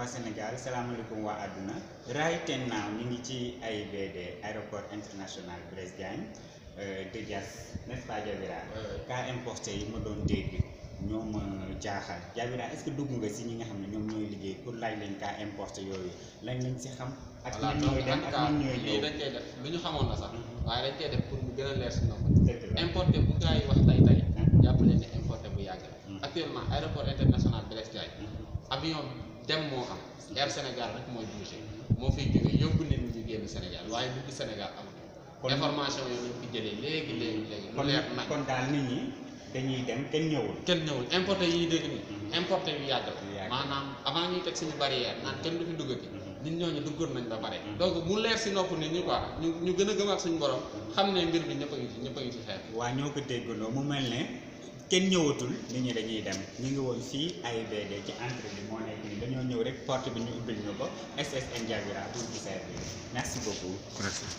waa Sénégal salaamaaleykum waa àdduna Right Ten Now ñu ngi ci AIBD aéroport international Blaise Diagne euh, de Diass n'est-ce pas Jabira cas importé yi ma doon dégg ñoo ma jaaxal Jabira est-ce dugg nga si ñi nga xam ne ñoom ñooy liggéey pour laaj leen cas importé yooyu lañ lañ si xam ak ñun ñooy dem def lu ñu xamoon la sax mm-hmm. waaye dañ def pour mu gën a leer si nopp importé bu gars yi wax tey tey mm-hmm. jàpp leen ne bu yàgg la mm-hmm. actuellement aéroport international dem moo am air Sénégal rek mooy bougé moo fiy jógee yóbbu nit ñi génn Sénégal waaye dugg Sénégal amul information yooyu ñu fi jëlee léegi léegi léegi lu leer nag kon daal nit ñi dañuy dem kenn ñëwul kenn ñëwul importé yi dégg ni mm-hmm. importé yu yàgg la maanaam avant ñuy teg suñu barrière naan kenn du fi duggati mm-hmm. nit ñooñu duggoon nañ ba pare mm-hmm. donc mu leer si nopp nit ñi quoi ñu gën a gëmaat suñu borom xam ne mbir bi ñëpp a ngi ci ñëpp ngi ci xeet waa ñoo ko déggandoo mu mel ne ñëwatul nit ñi dañuy dem ñu ngi woon fii rek porte bi ñu ubbil ñu ko SSN Diawira pour di servir